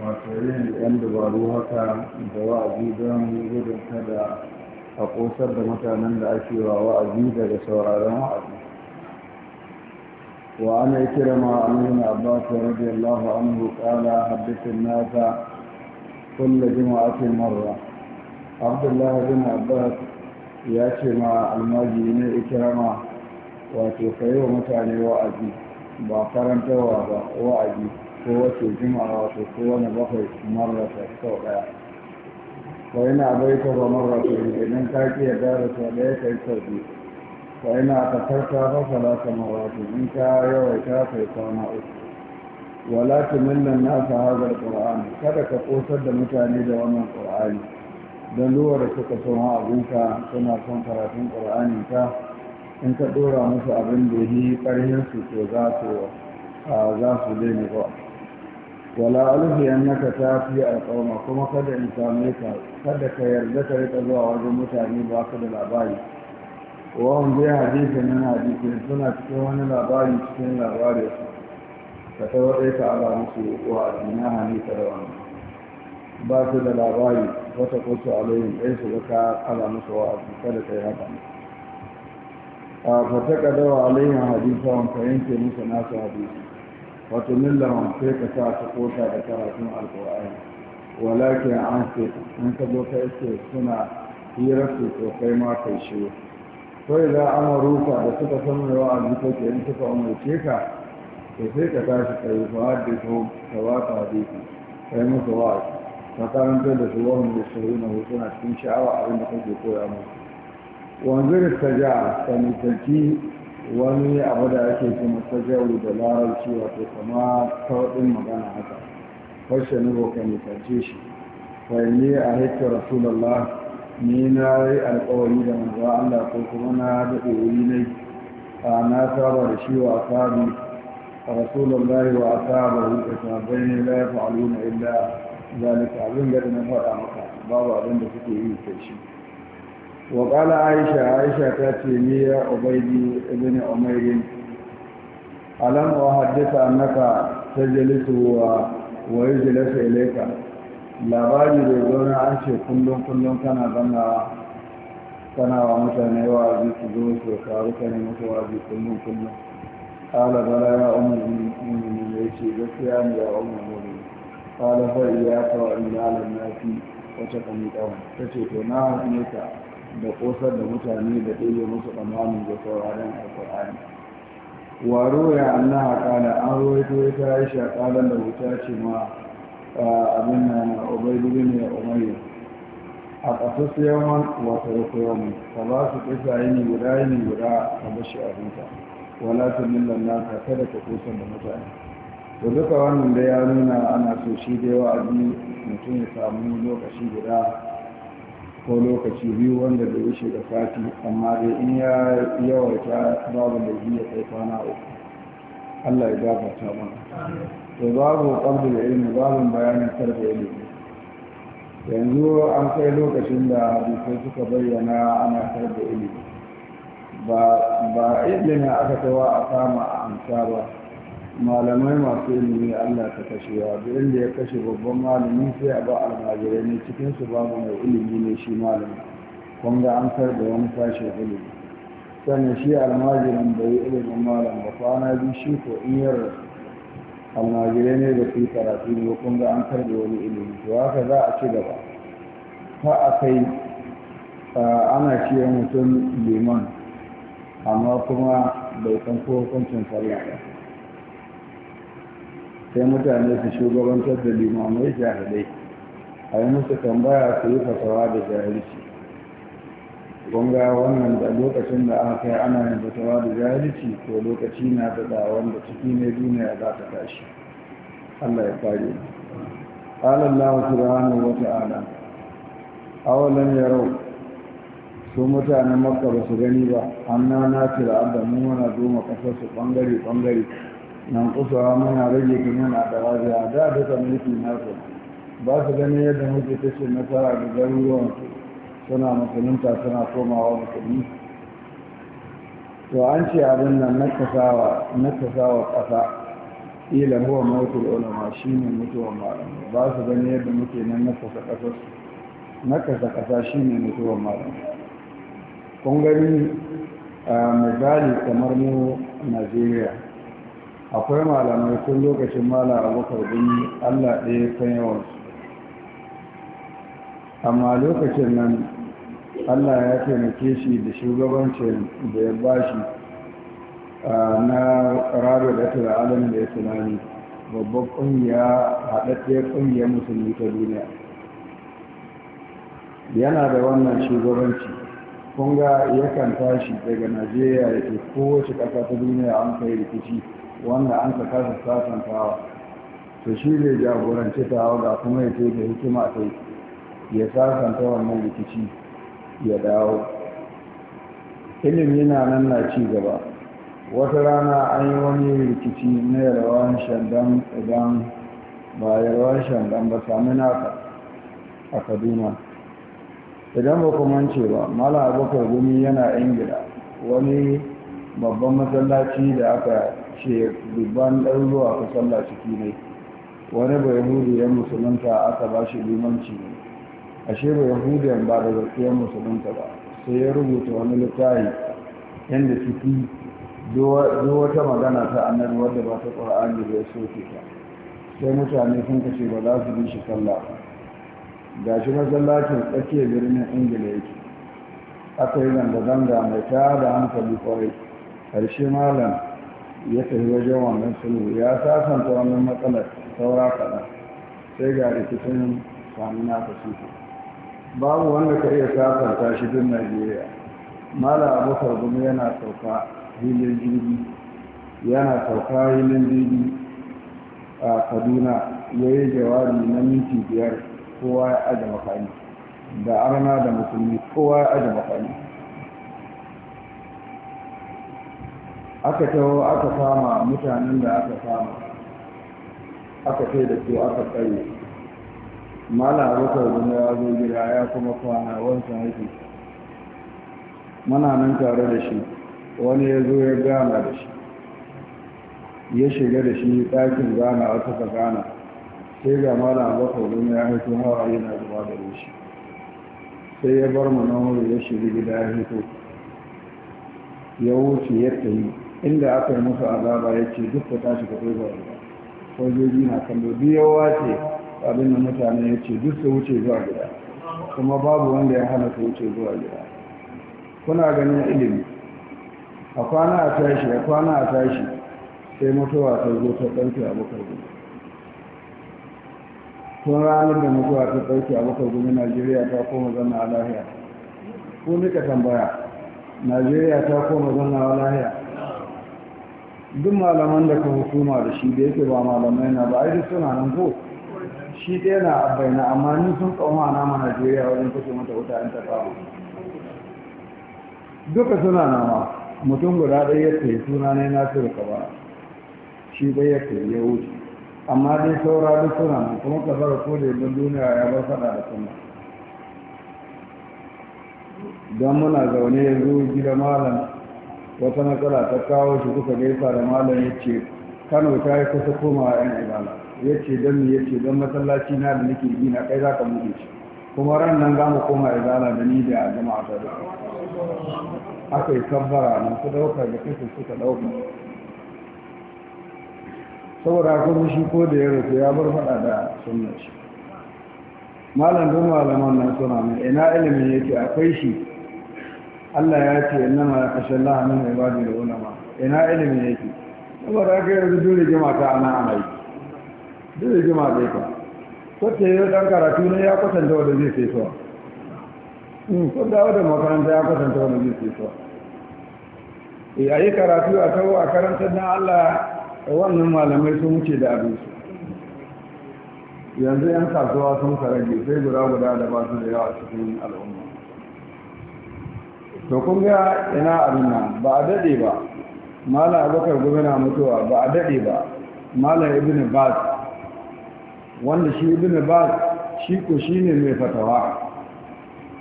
wato yin yan dabaru haka da wa'azi don gudun kada a da mutanen da ake wa wa'azi daga sauraron wa'azi wa ana yi kira ma amin abbasu radiyallahu anhu kala haddisin nasa kulle jima'atin marra abdullah bin abbas ya ce ma almaji ne ikirama wato kai wa mutane wa'azi ba karantarwa ba ko a wa'azi ko wace jimawa ko wani bakwai marrata sau ɗaya ko yana bai ko ba yi idan ka ki yarda sau ɗaya kai sau biyu wa yana karta ba salata marrata in ka yawaita kai kwana uku wala millan nasa hazar qur'ani kada ka kosar da mutane da wannan qur'ani don duwa da suka son abinka suna son karatun qur'anin ta. in ka dora musu abin da yi karhin su to za su za su daina ba wala alfi ta tafi alqawma kuma kada in same ka kada ka yarda ka rika zuwa wajen mutane ba ka da labari wa hum bi na suna cikin wani labari cikin labari ka tawaye ka ala musu wa adina hani ka da wani ba su da labari wata kusa alayin ɗaya su ga ka ala musu wa kada ka yi haka فتقدوا عليها حديثهم فينكي musu nasu hadisi wato millahun sai ka sa ta kota da karatun alkur'ani walakin an ce in ka zo ka iske suna hira su to kai ma kai shi kai za a maruka da suka san mai wa'azi ko ke in suka umarce ka to sai ka tashi ka yi fa'adda ko ka ba ka hadisi kai musu wa'azi ka da su wahun da shari'a na suna cikin sha'awa abin da kake koya musu wanzur saja ka nisanci wani abu da ake kuma sajawu da larabci wato kama sauɗin magana haka fashe nubo ka nisance shi fahimmi a hita rasulallah ni na yi alkawari da manzo Allah ko kuma na daɗe wuri ne a na saba da shi wa asabi rasulullahi wa asabahu da sabai ne la yafa'aluna illa zalika abin da na faɗa maka babu abin da suke yi kai shi wa aisha aisha ta ce miya ubaidi ibn umairin alam naka ta annaka tajalisu wa wa yujlisu ilayka labari da zauna an ce kullum kullum kana zanna kana wa mutane wa aji su zo su karu kana wa aji kullum kullum qala ya ummul mu'minin yace gaskiya ne ya ummul mu'minin qala fa iyyaka wa illa lin nasi wa taqmi qawm tace to na ne ka da ƙosar da mutane da ɗaya musu tsammani da sauraron alƙur'ani waro ya annaha ƙala an rawaito ya ta yi da wuta ce ma abin na na ubaidu ne umayya a ƙasas yawan wata rufe yawan ka ba su yi yini guda ne guda a bashi abinta wala su millan naka kada ka kusa da mutane da duka wannan da ya nuna ana so shi da yawa abi mutum ya samu lokaci guda ko lokaci biyu wanda bai wuce da sati amma dai in ya yawarta babu da ya kai kwana uku Allah ya gabata mana to babu da ilmi babu bayanin sarfa ilmi yanzu an kai lokacin da hadisai suka bayyana ana karfe ilmi ba ba ilmi aka tawa a kama a amsa ba malamai masu ilimi Allah ka kashewa duk inda ya kashe babban malami sai a ba almajirai ne cikin su ba mai ilimi ne shi malami kun ga an da wani sashen ilimi sannan shi almajiran bai ilimin malam ba kwana biyu shi ko in almajirai ne da su karatu ne kun ga an da wani ilimi to haka za a ci gaba ta a kai ana ciyar mutum liman amma kuma bai san ko hukuncin sallah ba sai mutane su shugabantar da limamai jahilai a yi musu tambaya su yi fasawa da jahilci gunga wannan da lokacin da aka kai ana yin fasawa da jahilci ko lokaci na daɗa wanda ciki ne duniya za ta tashi allah ya kare mu قال الله سبحانه وتعالى awalan yaro su mutanen makka ba su gani ba anna na tira abda mu mana zo su ɓangare-ɓangare. nan kusawa muna rage kimin a ɗaraziya da duka mulki nasu ba su gani yadda muke kashe nasara da garuruwan suna musulunta suna komawa musulmi to an ce abin nan nakasawa ƙasa ila huwa mautul ulama shine mutuwar malamai ba su gani yadda muke nan nakasa ƙasa nakasa ƙasa shine mutuwar malamai kun gani misali kamar mu Najeriya akwai malamai tun lokacin mala abokar gini allah ɗaya san yawansu amma lokacin nan allah ya taimake shi da shugabancin da ya bashi na rabe da ta da ya tunani babban ƙungiya haɗaɗɗiyar ƙungiyar musulmi ta duniya yana da wannan shugabanci kunga yakan tashi daga najeriya da ke kowace ƙasa ta duniya an kai rikici wanda an ka kasa sasantawa to shi zai jagoranci ga kuma ya ce da hikima sai ya sasanta wannan rikici ya dawo ilimi na nan na ci gaba wata rana an yi wani rikici na yarwan shandan idan ba yarwan shandan ba sami naka a kaduna idan ba kuma ce ba mala abokan gumi yana ingila wani babban masallaci da aka ce dubban ɗan zuwa ka sallah ciki ne wani ba ya musulunta aka ba shi limanci ne ashe ba ya ba da zarfiyar musulunta ba sai ya rubuta wani littafi yadda ciki duk wata magana ta annabi wadda ba ta ƙur'ani bai soke ta sai mutane sun kace ba za su bi shi sallah ga shi masallacin tsakiyar birnin ingila yake aka yi zanga-zanga mai da hankali kwarai ƙarshe malam ya tafi wajen wannan sulhu ya sasanta wannan matsalar saura kaɗan sai ga rikicin sami na fasuku babu wanda ka iya sasanta shi duk najeriya mala abu gumi yana sauka hilin jirgi yana sauka hilin jirgi a kaduna ya yi jawabi na minti biyar kowa ya aje makani, da arna da musulmi kowa ya aje makani. aka taho aka fama mutanen da aka fama, aka kai da su aka tsaye mana wata guna ya zo gida ya kuma kwana wancan haifi mana nan tare da shi wani ya zo ya gana da shi ya shiga da shi ɗakin gana a suka gana sai ga mana wata guna ya haifi hawa yana zuwa da shi sai ya bar mu nan ya shiga gida ya haifi ya wuce ya tafi inda aka yi musu azaba ya ce duk ku tashi ku kai zuwa gida sojoji na kallo biyawa ce abin da mutane ya ce duk su wuce zuwa gida kuma babu wanda ya hana su wuce zuwa gida kuna ganin ilimi a kwana a tashi a kwana a tashi sai mutuwa ta zo ta ɗauke abokan gudu tun ranar da mutuwa ta ɗauke abokan gudu najeriya ta koma zanna a lahiya ko nika tambaya najeriya ta koma zanna a lahiya duk malaman da ka hukuma da shi da yake ba malamai na ba ai duk suna nan ko shi ɗaya na abaina amma ni sun tsoma na ma Najeriya wajen kashe mata wuta in ta kawo. duka suna nan ma mutum guda ɗaya ya suna ne na su ba shi ɗaya ya kai ya wuce amma dai saura duk suna nan kuma ka ko da duniya ya bar faɗa da sunna don muna zaune yanzu gida malam wata matsala ta kawo shi kuka gaisa da malam ya ce kano ta yi kusa komawa yan ibada ya ce don mu ya ce don masallaci na da nake yi na kai za ka buɗe shi kuma ran nan za mu koma ibada da ni da jama'a ta da aka yi na su ɗaukar da kasa suka ɗauka saboda kuma shi ko da ya rufe ya bar faɗa da sunnar shi malam don malaman nan suna mai ina ilimin yake akwai shi Allah ya ce yana ma nan Allah min ibadi al ma, ina ilimi yake saboda haka yanzu dole jama'a ta ana amai dole jama'a zai ka ko ce yau dan karatu ne ya kwatanta wanda zai sai so in hmm, ko da wanda makaranta ya kwatanta wanda zai sai E, eh yi karatu a tawo a karantar dan Allah wannan malamai sun wuce da abin su yanzu yan kasuwa sun karage sai guda guda da ba su da yawa cikin al'umma to kun ga ina abin nan ba a dade ba malam abubakar gwamna mutuwa ba a dade ba malam ibn bas wanda shi ibn bas shi ko ne mai fatawa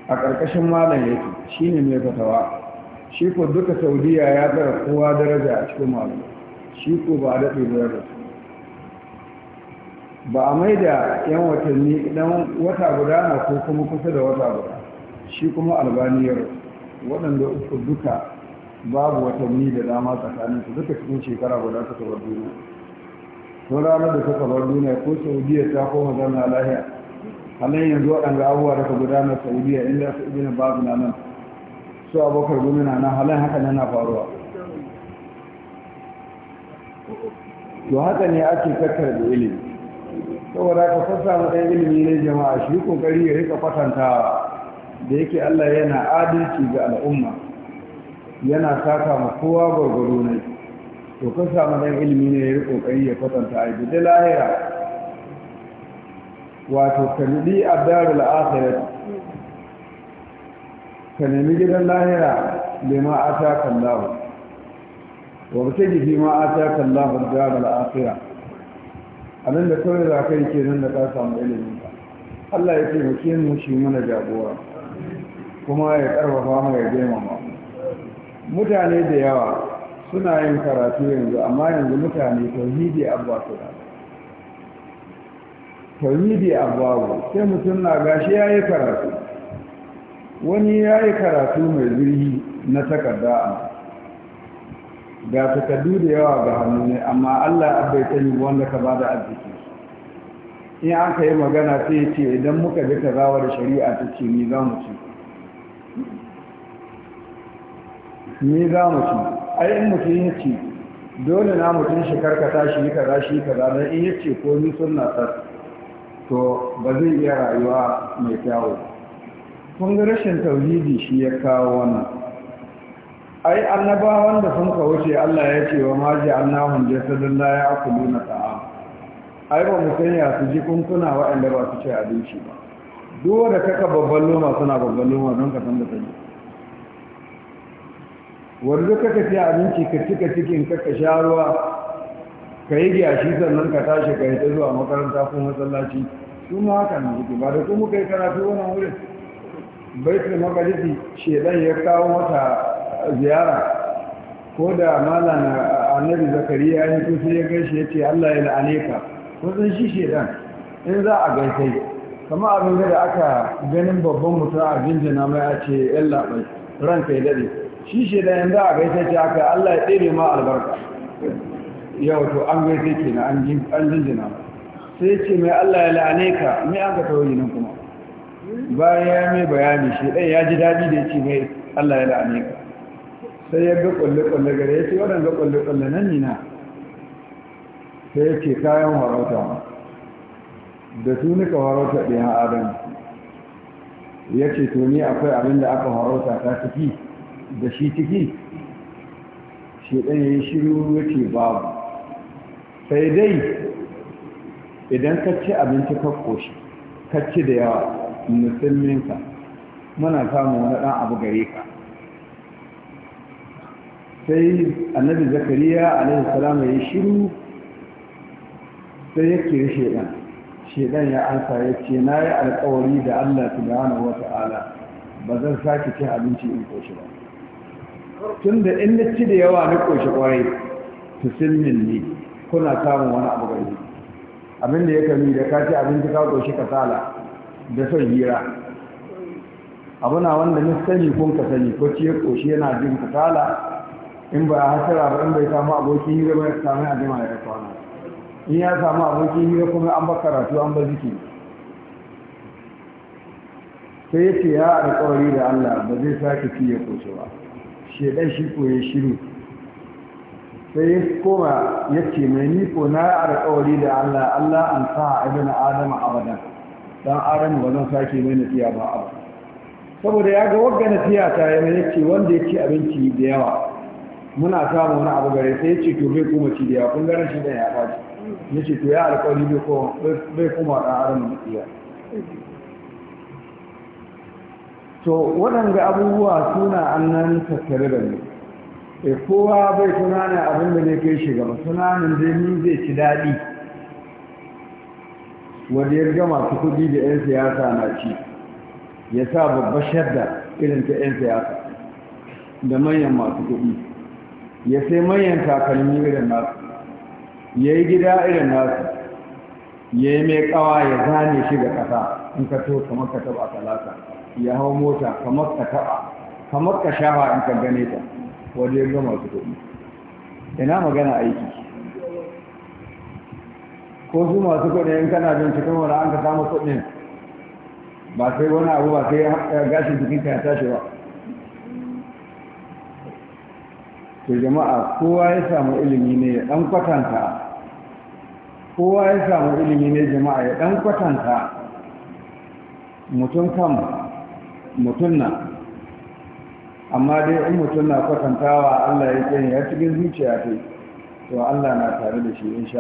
a ƙarƙashin malam yake ne mai fatawa shi ko duka saudiya ya tsara kowa daraja a cikin malam shi ko ba a dade ba da ba a mai da yan watanni dan wata guda na ko kuma kusa da wata guda shi kuma albaniyar. rasu waɗanda uku duka babu watanni da dama tsakanin su duka cikin shekara guda ta bar duniya to ranar da ta bar duniya ko saudiya ta koma zama lahiya halin yanzu waɗanda abubuwa da ka gudanar saudiya inda su na babu na nan su abokar gomina na halin haka yana faruwa to haka ne ake tattara da ilimi saboda ka fasa mu ɗan ilimi ne jama'a shi kokari ya rika kwatantawa da yake Allah yana adalci ga al'umma yana saka ma kowa gwargwaro ne to kun samu dan ilimi ne ya kokari ya kwatanta a da lahira wato kalli abdarul akhirat ka nemi gidan lahira ma ataka Allah wa bitaji fi ma ataka Allah darul akhirah abinda kawai za ka yi kenan da ka samu ilimin Allah ya taimake mu shi mana jagora kuma ya karfafa mu ya girmama mutane da yawa suna yin karatu yanzu amma yanzu mutane tauhidi abuwa su da tauhidi su sai mutum na gashi ya yi karatu wani ya yi karatu mai zurhi na takarda a ga takardu da yawa ga hannu ne amma allah abai ta yi wanda ka ba da arziki in aka yi magana sai ce idan muka bi ta zawar shari'a ta ce ni za mu ci Ni za mu ci ai in mutum ya ce dole na mutum shi karkata shi yi kaza shi kaza don in ya ce ko ni sun ta to ba zai iya rayuwa mai kyawu kun ga rashin tauhidi shi ya kawo wannan ai annaba wanda sun ka wuce Allah ya ce wa maji annahum jasadun la ya'kuluna ta'am ai ba mu sanya su ji kunkuna waɗanda ba su ci abinci ba duk wanda kaka babban noma suna babban noma don ka san da take wanda ka ka abinci ka cika cikin ka ka sha ruwa ka yi gyashi sannan ka tashi ka yi ta zuwa makaranta ko masallaci su ma haka na jiki ba da kuma kai karatu wannan wurin baitul maqdisi shedan ya kawo mata ziyara ko da malam annabi zakariya ya fito sai ya gaishe ya ce Allah ya la'ane ka ko san shi shedan in za a gaishe kama abin da aka ganin babban mutum a jinjina mai a ce yalla bai ranka ya dade shi shi da yanzu a gaisa ce aka Allah ya tsere ma albarka yau to an gaisa ke na an jinjina sai ce mai Allah ya la'ane ka mai an ka tauri nan kuma bayan ya mai bayani shi ɗan ya ji daɗi da ya ce mai Allah ya la'ane ka sai ya ga ƙwalle-ƙwalle gare ya ce waɗanda ƙwalle-ƙwalle nan nina sai ya ce kayan warauta da su nika warauta ɗaya adam ya ce to ni akwai abin da aka warauta ta tafi? da shi ciki shi ɗan yi shiru yake babu sai dai idan ka ci abinci ka koshi ka da yawa musulminka muna samun wani ɗan abu gare ka sai annabi zakariya alaihi salama ya shiru sai ya yi shaidan shaidan ya ansa ya ce na yi alkawari da allah subhanahu wa ta'ala ba zan sake ci abinci in koshi ba tun da in na ci da yawa na ƙoshi ƙwarai to sun ne kuna samun wani abu gari abin da ya kami da ka ci abinci ka ƙoshi kasala da son hira abu na wanda na sani kun ka sani ko ci ya ƙoshi yana jin kasala in ba hasara ba in bai samu abokin hira ba ya samu jima ya kwana in ya samu abokin hira kuma an ba karatu an ba zikiri sai ya ce ya alƙawari da Allah ba zai sake fiye ƙoshi ba shedan shi koye shiru sai ya koma ya ce mai niko na alƙawari da Allah Allah an sa ibn Adam abadan dan Adam ba zan sake mai nasiya ba abu saboda ya ga wagga nasiya ta yana ya ce wanda ya ci abinci da yawa muna samu wani abu gare sai ya ce to bai kuma ci da yawa kun ganin shi da ya faɗi ya ce to ya alƙawari bai kuma ɗan Adam nasiya to waɗanda abubuwa suna annan tattare da mu e eh, kowa bai tunanin abin da ne kai shi gaba tunanin dai ni zai ci daɗi wanda ya riga masu kuɗi da 'yan siyasa na ci ya sa babbar shadda irin ta 'yan siyasa da manyan masu kuɗi ya sai manyan takalmi irin nasu ya yi gida irin nasu ya yi mai ƙawa ya zane shi ga ƙasa in ka to kamar ka taɓa talata ya hau mota kamar ka taɓa kamar ka shafa in ka gane ta waje ya gama su kuɗi ina magana aiki ko su masu kuɗi in kana jin cikin wani an ka samu kuɗin ba sai wani abu ba sai gashin cikin ka ya tashi ba to jama'a kowa ya samu ilimi ne ya dan kwatanta kowa ya samu ilimi ne jama'a ya dan kwatanta mutum kan mutum na amma dai in mutum na kwatantawa Allah ya tsaye ya cikin zuciya ce to Allah na tare da shi insha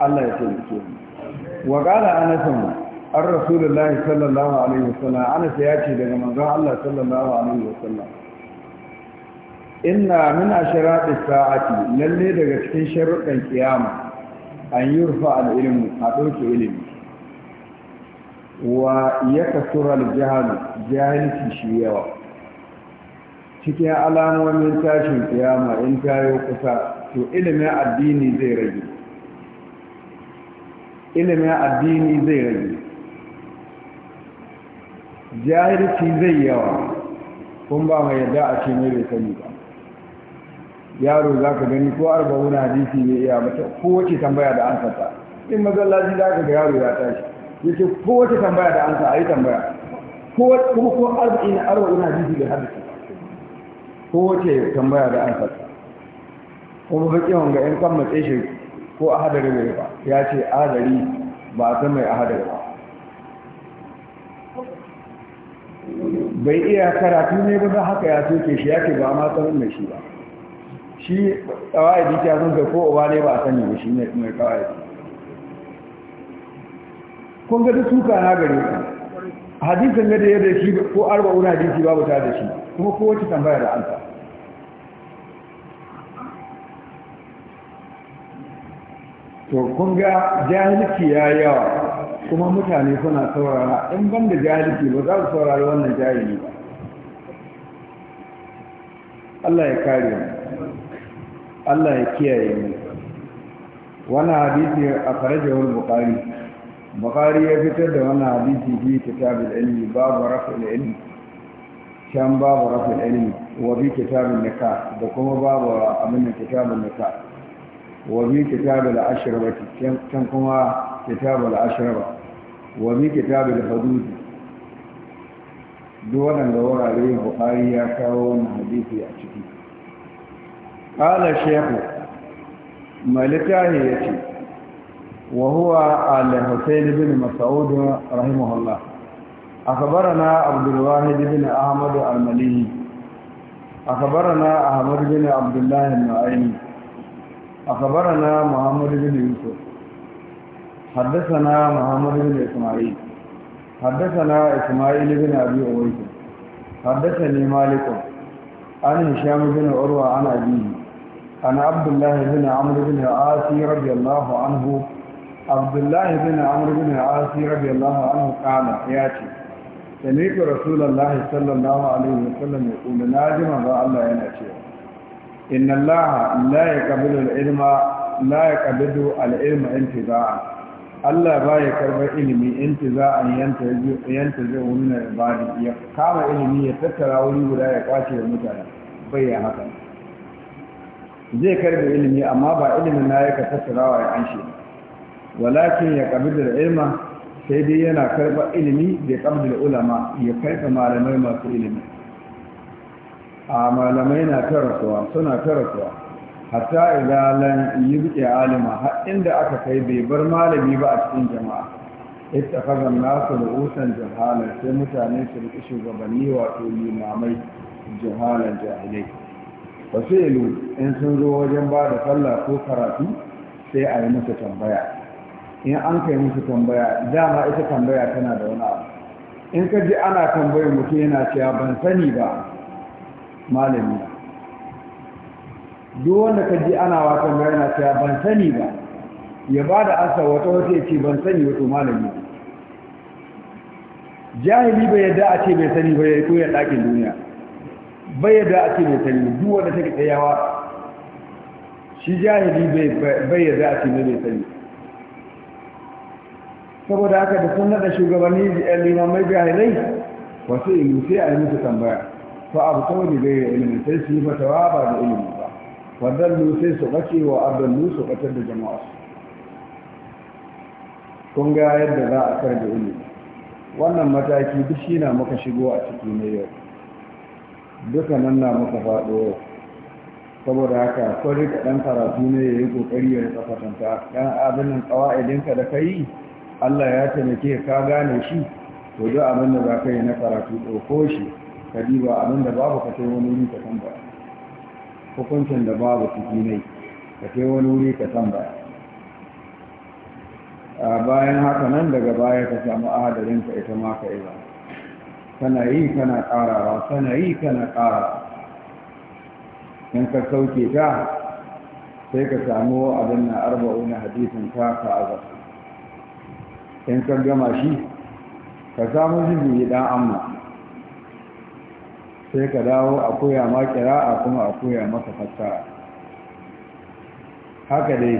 Allah Allah ya taimake mu wa qala anasun ar rasulullahi sallallahu alaihi wasallam anas ya ce daga manzon Allah sallallahu alaihi wasallam inna min asharati sa'ati lalle daga cikin sharuɗan kiyama an yurfa al-ilmu a ɗauke ilimi wa ya kasurar jihalu jahilci shi yawa cikin alamomin tashin kiyama in tayo kusa to ilimin addini zai rage ilimin addini zai rage jahilci zai yawa kun ba mai yadda a ce mai bai sani ba yaro za ka gani ko wuna hadisi ne iya mata ko wace tambaya da an fata in mazallaci za ka ga yaro ya tashi yake ko wace tambaya da ansa ayi tambaya ko kuma ko arba'in arba'in hadisi da hadisi ko wace tambaya da ansa kuma baki wanga in kan matse shi ko a hadari ne ba ya ce adari ba a san mai a hadari ba bai iya karatu ne ba za haka ya soke shi ya ce ba ma san mai shi ba shi tsawai ta sun ga ko uba ne ba a sani ba shi ne mai kawai kun ga duk suka na gare ka hadisin ne da ya da shi ko arba'un hadisi babu ta da shi kuma kowace tambaya da alfa. to kun ga jahilci ya yawa kuma mutane suna saurara in ban da jahilci ba za su saurari wannan jahili ba Allah ya kare mu Allah ya kiyaye mu wannan hadisi a farajewar bukari bukhari ya fitar da wannan hadisi fi kitabul ilmi babu rafa'il ilmi can babu rafa'il ilmi wa bi kitabun nikah da kuma babu abin da kitabun nikah wa bi kitabul ashrabati can kuma kitabul ashraba wa bi kitabul hudud duk waɗanda wurare bukhari ya kawo wannan hadisi a ciki qala shaykh malikahi yace وهو حسين بن مسعود رحمه الله أخبرنا عبد الواحد بن أحمد المليه أخبرنا أحمد بن عبد الله المعين أخبرنا محمد بن يوسف حدثنا محمد بن إسماعيل حدثنا إسماعيل بن أبي أويس حدثني مالك عن هشام بن عروة عن أبيه عن عبد الله بن عمرو بن العاص رضي الله عنه abdullahi bin amr bin asi Allah anhu kana ya ce sami'tu rasulullahi sallallahu alaihi wa sallam ya kuma naji manzo Allah yana cewa inna allaha la yaqbalu al-ilma la yaqbalu al-ilma intiza'a Allah ba ya karɓar ilimi in ta za yanta zai wani na ibadi ya kama ilimi ya tattara wani guda ya kwace da mutane bai ya haka zai karɓi ilimi amma ba ilimin na ya ka tattara wa ya an shi walakin ya kabidar ilma sai dai yana karɓar ilimi da kabidar ulama ya karɓa malamai masu ilimi a malamai na tarasuwa suna tarasuwa hatta idan lan yi buke alima har inda aka kai bai bar malami ba a cikin jama'a ita kazan nasu usan jahala sai mutane su riƙi shugabanni wato limamai jahalan jahilai wasu ilu in sun zo wajen ba da sallah ko karatu sai a yi musu tambaya in an kai musu tambaya dama ita tambaya tana da wani abu in ka ji ana tambayar mutum yana cewa ban sani ba malami duk wanda ka ji ana wa tambaya yana cewa ban sani ba ya ba da asa wata wata ya ce ban sani wato malami jahili bai yadda a ce bai sani ba ya koyar ɗakin duniya bai yadda a ce bai sani duk wanda take tsayawa shi jahili bai yadda a ce bai sani saboda haka da sun nada shugabanni limamai jahilai wasu ilmi sai a yi musu tambaya fa abu ta wani gaira ilimi sai su yi fatawa ba da ilimi ba wadallu sai su ɓace wa mu su ɓatar da jama'a su kun ga yadda za a karɓi ilimi wannan mataki duk shi na muka shigo a ciki na yau duka nan na muka faɗo saboda haka kwari ka ɗan karatu ne ya yi ƙoƙari ya rika kwatanta ɗan abin nan ƙawa'idinka da ka yi Allah ya taimake ka gane shi to duk abin da za ka yi na karatu ɗauko shi ka diba abin da babu ka kai wani wuri ka san ba hukuncin da babu ciki ne ka kai wani wuri ka san ba bayan haka nan daga baya ka samu ka ita ma ka iya kana yi kana ƙarawa kana yi kana ƙara. in ka sauke ta sai ka samu abin na na hadisin ka ka azabta in ka gama shi ka samu zubi dan amma sai ka dawo a koya ma kira'a kuma a koya maka fassara haka dai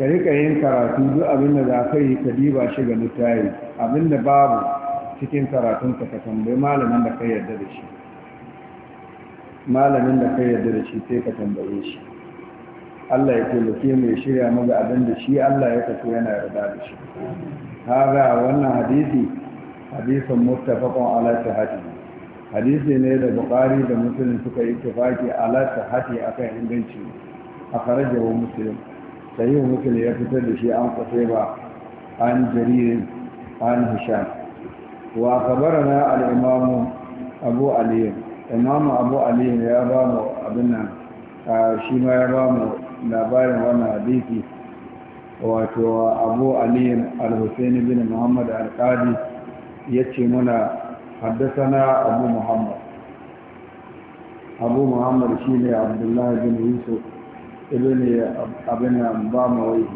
ka rika yin karatu duk abinda da za ka yi ka diba shi ga littafi abinda babu cikin karatun ka ka tambayi malamin da ka yarda da shi malamin da ka yarda da shi sai ka tambaye shi Allah ya taimake mu ya shirya mu abin da shi Allah ya kaso yana yarda da shi kaga wannan hadisi hadisin muttafaqun alaƙa Hati. hadisi ne da bukhari da musulun suka yi tafaki ala sahati akan inganci wa musulun. muslim sahih muslim ya fitar da shi an qutaiba an jaririn, an hisham wa khabarana al-imam abu ali imam abu ali ya ba mu abin nan shi ma ya ba mu labarin wannan hadisi wato abu aliyun, al-husaini bin muhammad al-qadi ya ce muna haddasana abu muhammad abu muhammad shi ne abdullahi bin yusuf ibn abin bamawai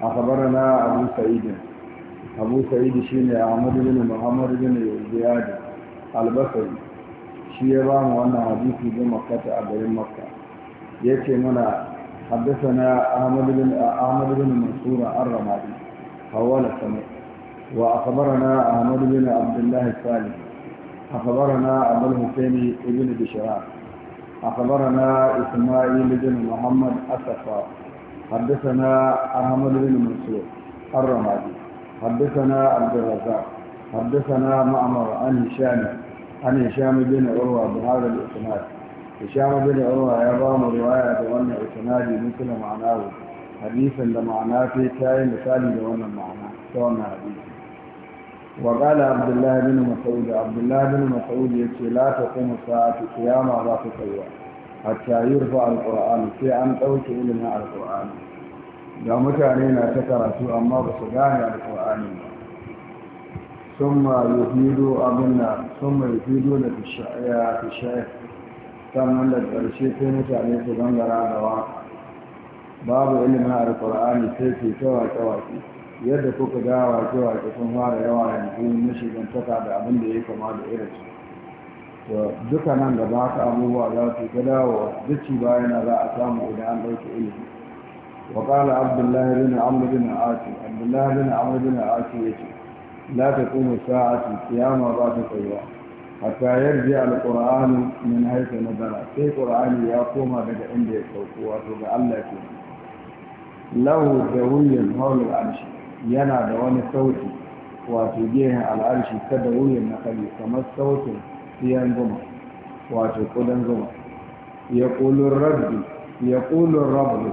a na abu sa'idin abu sa'idi shi ne ahmad bin muhammad bin ziyadi albasari shi ya ba mu wannan hadisi bin makata a garin makka ya ce muna حدثنا أحمد بن أحمد بن منصور الرمادي حول السماء وأخبرنا أحمد بن عبد الله الثالث أخبرنا أبو الحسين بن بشار أخبرنا إسماعيل بن محمد أسفا حدثنا أحمد بن منصور الرمادي حدثنا عبد الرزاق حدثنا معمر عن هشام عن هشام بن عروة بهذا الإسناد hisham bin urwa ya ba mu riwaya da wannan isnadi misali ma'anahu hadisin da ma'ana ta yi misali da wannan ma'ana ta wannan hadisi وقال عبد الله بن مسعود عبد الله بن مسعود يقول لا تقوم الساعة قيامة لا تقوى حتى يرفع القرآن في أن ɗauke ilimin القرآن da mutane na ta karatu amma ba su gane alƙur'ani ba sun ma yufido abin na sun ma yufido da fishayar sannan da ƙarshe sai mutane su gangara da waka babu ilimin alƙur'ani sai ke waƙe-waƙe yadda kuka ga waƙe-waƙe sun fara yawa yanzu na shigantaka da abin da ya kama da irin su to duka nan da ba ka abubuwa za su ga dawo duk ci na za a samu idan an ɗauki ilimi wa qala abdullahi bin amr bin ati abdullahi bin amr bin ati yace la taqumu sa'atu qiyama ba ta tsayuwa hatta yarda alqur'anu min haythu nazara sai qur'ani ya koma daga inda ya sauko wato ga Allah ke lahu da wuyan al-arshi yana da wani sauti wato gehen al'arshi ta dawiyyun nakali kamar sautin siyan zuma wato kudan zuma ya kulun rabbi ya kulun rabbi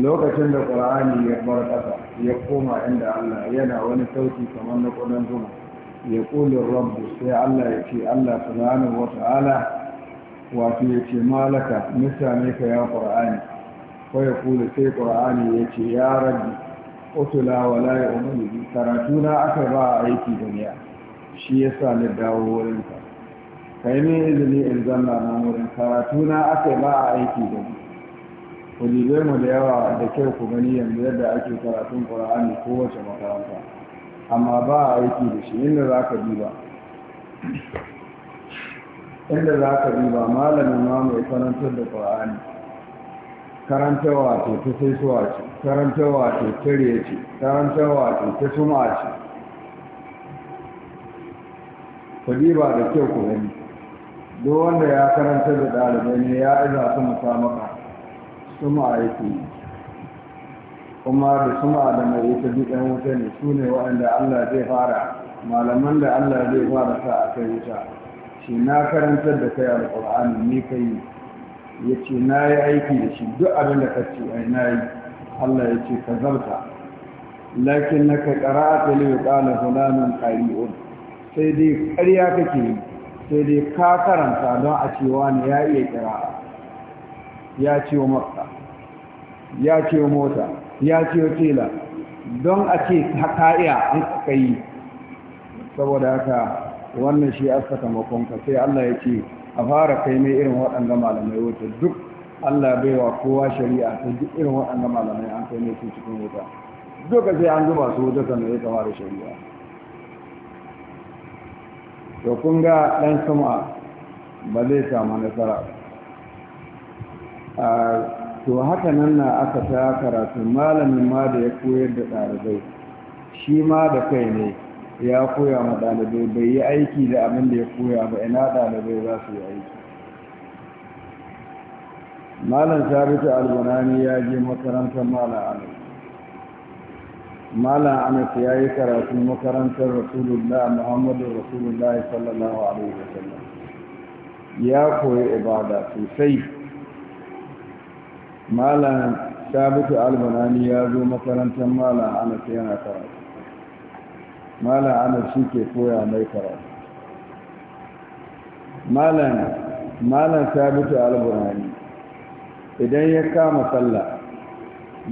lokacin da ƙur'ani ya bar ƙasa ya koma inda Allah yana wani sauti kamar na kudan zuma ya ƙulin rabu sai Allah ya ce Allah subhanahu wa ta'ala wato ya ce malaka mutane ka ya ƙur'ani ko ya sai ƙur'ani ya ce ya ragi. utula wa la ya umarni karatu na aka ba a aiki duniya shi ya sa ni dawo wurinka ka yi min izini in zanna na wurin karatu na aka ba a aiki duniya ku mu da yawa da kyau ku gani yanzu yadda ake karatun ƙur'ani kowace makaranta amma ba a aiki da shi inda za ka diba inda za ka diba malamin ma mai karantar da ƙwa'ani karantarwa ce ta sai suwa ce karantarwa ce ta riya ce karantarwa ce ta suma ce ku diba da kyau ku gani duk wanda ya karantar da ɗalibai ne ya iza su musamman suma aiki kuma da suma da mai ita duk yan wuta ne su ne waɗanda Allah zai fara malaman da Allah zai fara sa a kai wuta shi na karantar da kai alƙur'ani ni ka yi ya ce na yi aiki da shi duk abin da ka ce ai na yi Allah ya ce ka zarta lakin na ka ƙara a tsali ya ƙala fulanin ƙari'un sai dai ƙarya kake yi sai dai ka karanta don a cewa ne ya iya ƙira ya ce wa ya ce wa mota ya ce ciyo tela don a ce haka an suka yi saboda haka wannan shi a sakamakon makonka, sai Allah ya ce a fara kai mai irin waɗanda malamai wuta duk Allah bai wa kowa shari'a ta duk irin waɗanda malamai an kai mai cikin wuta duka sai an zuba su wuta sannan ya kama da shari'a to kun ga ɗan sama ba zai samu nasara to haka nan na aka ta karatu malamin ma da ya koyar da ɗalibai shi ma da kai ne ya koya ma ɗalibai bai yi aiki da abin da ya koya ba ina ɗalibai za su yi aiki malam sabitu albunani ya je makarantar malam anas malam anas ya yi karatun makarantar rasulullah muhammadu rasulullah sallallahu alaihi wasallam ya koyi ibada sosai malam sabitu albanani ya zo makarantar malam anas yana karatu malam anas shi ke koya mai karatu malam malam sabitu albanani idan ya kama sallah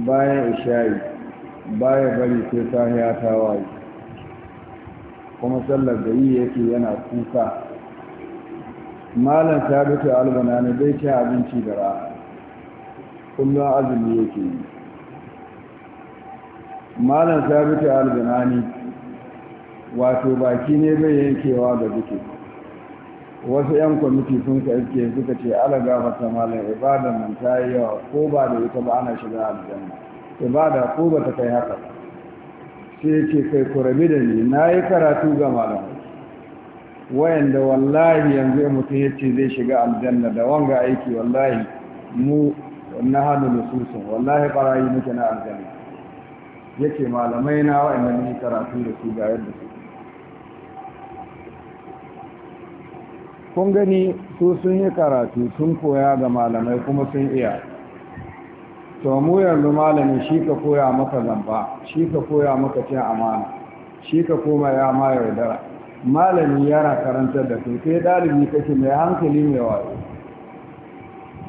bayan isha'i baya bari sai sahiya ta waye kuma sallar da yi yake yana kuka malam sabitu albanani bai ci abinci da rana kullum azumi yake yi malam al albinani wato baki ne bai yankewa ga duke wasu 'yan kwamiti sun ka yake suka ce ala gafarta malam ibada nan ta yi yawa ko ba da ita ba ana shiga aljanna ibada ko ba ta kai haka sai ce kai ku da ni na yi karatu ga malam wayanda wallahi yanzu ya mutum yace zai shiga aljanna da wanga aiki wallahi mu inna hannu nususun wallahi barayi muke na aljanna yake malamai na wa'anda ne karatu da su ga yadda su kun gani su sun yi karatu sun koya ga malamai kuma sun iya to mu yanzu malamin shi ka koya maka zamba shi ka koya maka cin amana shi ka koma ya ma yaudara malami yana karantar da su, sai ɗalibi kake mai hankali mai wayo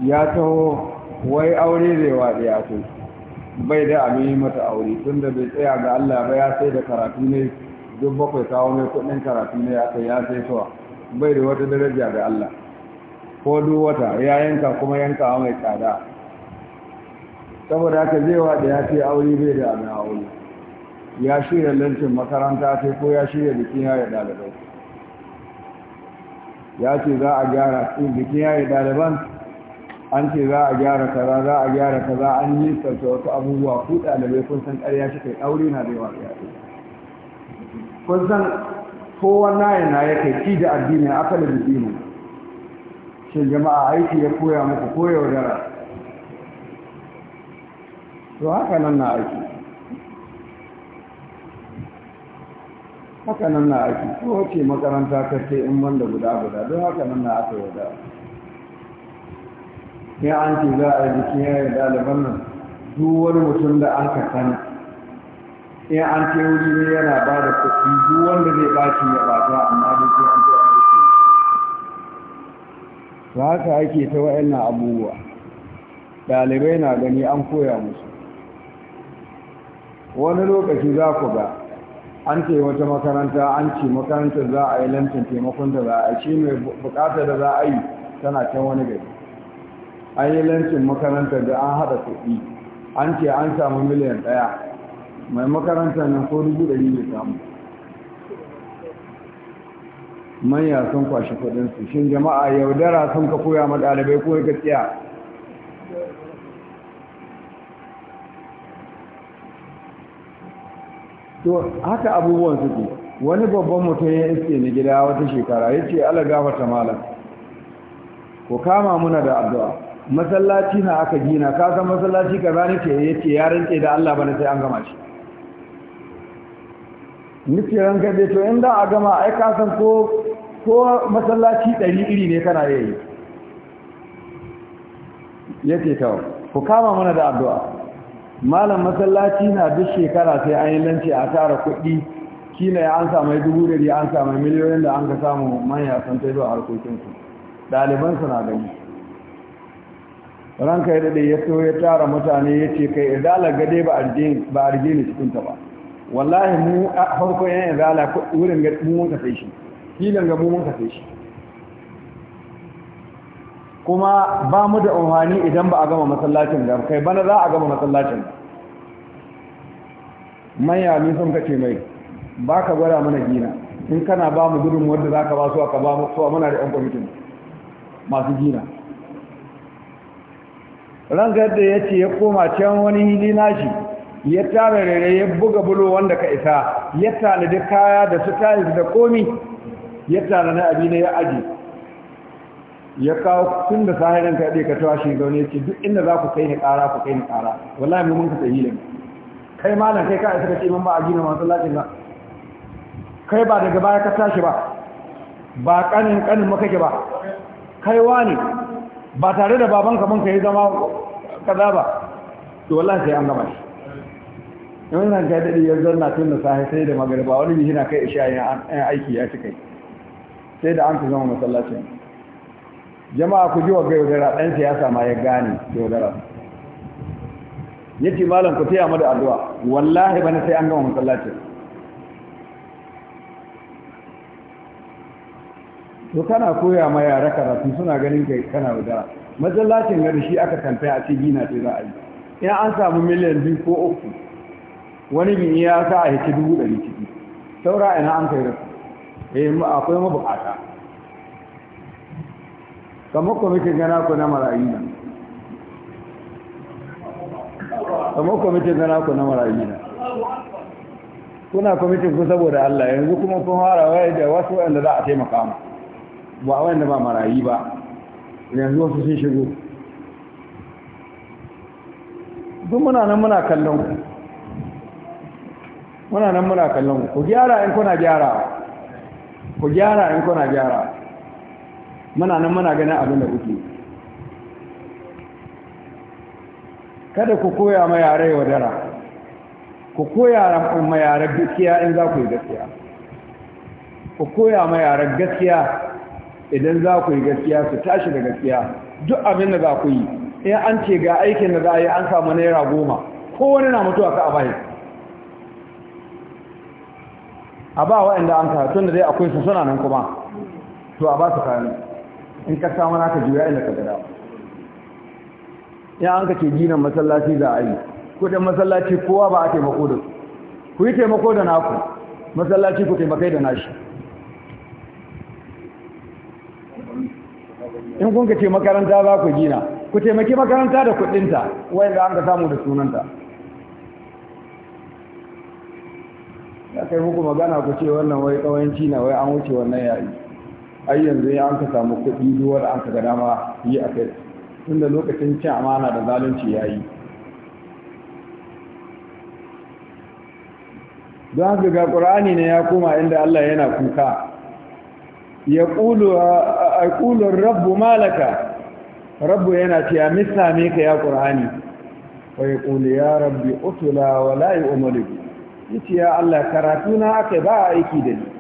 ya taho wai aure zai waɗe a ce bai da abin yi mata aure tun da bai tsaya ga Allah ba ya sai da karatu ne duk bakwai kawo mai kuɗin karatu ne aka ya sai suwa bai da wata daraja ga Allah ko duk wata ya yanka kuma yanka mai tsada saboda haka zai waɗe ya ce aure bai da abin aure ya shirya lancin makaranta sai ko ya shirya bikin yi ɗalibai ya ce za a gyara bikin yi ɗaliban an ce za a gyara kaza za a gyara kaza an yi sauke wasu abubuwa ku ɗalibai kun san ƙarya shi kai aure na da yawa ƙarya kun san kowa yi na ya kai ci da addini aka da addini shi jama'a aiki ya koya muku ko yaudara to haka nan na aiki haka nan na aiki ko ce makaranta ta ce in wanda guda guda don haka nan na aka yaudara in an ce za a yi ya yayin ɗaliban nan duk wani mutum da an ka sani in an ce wuri ne yana ba da kuɗi duk wanda zai ɓaci ya ɓata amma duk sai an ce an ce to haka ake ta na abubuwa ɗalibai na gani an koya musu wani lokaci za ku ga an ce wata makaranta an ce makarantar za a yi lantin taimakon da za a yi shi mai bukatar da za a yi tana can wani gari an yi lancin makarantar da an haɗa kuɗi an ce an samu miliyan ɗaya mai makarantar nan ko dubu ɗari ne samu manya sun kwashe kuɗinsu shin jama'a yaudara sun ka koya ma ɗalibai ko ga tsiya to haka abubuwan suke wani babban mutum ya iske ni gida wata shekara ya ce ala gafarta malam ku kama muna da addu'a masallaci na aka gina ka san masallaci kaza ce yace ya rantse da Allah bana sai an gama shi nake ranka dai to inda a gama ai ka san ko ko masallaci ɗari iri ne kana yayi yace ta ku kama mana da addu'a malam masallaci na duk shekara sai an yi lanci a tara kuɗi kila ya an samu dubu dari an samu miliyoyin da an ka samu manya sun taido a harkokinsu ɗalibansu na gani ranka ya dade ya so ya tara mutane ya ce kai izala gade ba arjini ba arjini cikin ta ba wallahi mu a farko yan izala wurin ga mu muka sai shi filan ga mu muka sai shi kuma ba mu da umhani idan ba a gama masallacin da kai bana za a gama masallacin manya ni sun kace mai ba ka gwada mana gina in kana ba mu gudun wanda za ka ba su aka ba mu so muna da yan kwamitin masu gina Rangar da ya ce ya koma can wani hili nashi ya tara rere ya buga bulo wanda ka isa ya tanadi kaya da su tayis da komi ya na abi ne ya aji ya kawo tun da sahirin ka ɗe ka tawa shi gaune ce duk inda za ku kai ni ƙara ku kai ni ƙara wallahi mun ka tsayi ni? kai malam kai ka isa ka ce mun ba a gina masu laƙin ba kai ba daga baya ka tashi ba ba ƙanin ƙanin makake ba kai wa ne ba tare da baban mun ka yi zama kaza ba to wallahi sai an gama shi in nan ga daɗi ya na tun da sai sai da magariba wani bi na kai isha yin aiki ya ci kai sai da an ka zama masallacin jama'a ku ji wa ga yaudara ɗan siyasa ma ya gane da ya ce malam ku taya mu da addu'a wallahi bana sai an gama masallacin to kana koya ma yara karatu suna ganin kai kana wadara majallacin gari shi aka kanta a cikin gina ce za a yi in an samu miliyan biyu ko uku wani bin ya sa a hiki dubu ɗari ciki saura ina an kai rasu eh akwai mabukata kamar kwamitin gana ku na marayu nan kamar kwamitin gana ku na marayu kuna kwamitin ku saboda Allah yanzu kuma kun fara waye da wasu wanda za a taimaka mu ba a wanda ba marayi ba yanzu wasu sun shigo duk muna nan muna kallon ku muna nan muna kallon ku gyara in kuna gyara ku gyara in kuna gyara muna nan muna ganin abin da kuke kada ku koya ma yare wadara ku koya ma yare gaskiya in za ku yi gaskiya ku koya ma yare gaskiya idan za ku yi gaskiya su tashi da gaskiya duk abin da za ku yi in an ce ga aikin da za a yi an samu naira goma ko wani na mutuwa ka a bayi a ba waɗanda an ka tun da dai akwai su suna nan kuma to a ba su kayan in ka samu naka juya inda ka gada in an ka ce ginin masallaci za a yi kudin masallaci kowa ba a taimako da su ku yi taimako da naku masallaci ku taimakai da nashi in kun ce makaranta za ku gina ku taimaki makaranta da kuɗinta da an ka samu da sunanta ya kai muku magana ku ce wannan wai ƙawanci na wai an wuce wannan yayi ai yanzu ya an ka samu kuɗi duwar an ka ga dama yi a kai tunda lokacin cin amana da zalunci yayi don haka ga ƙura'ani ne ya koma inda Allah yana kuka ya ƙulu aikulun rabbu malaka rabbu yana cewa me same ka ya qur'ani wa yaqulu ya rabbi utula wa umaru. yu'malu ce ya Allah karatu na aka ba aiki da ni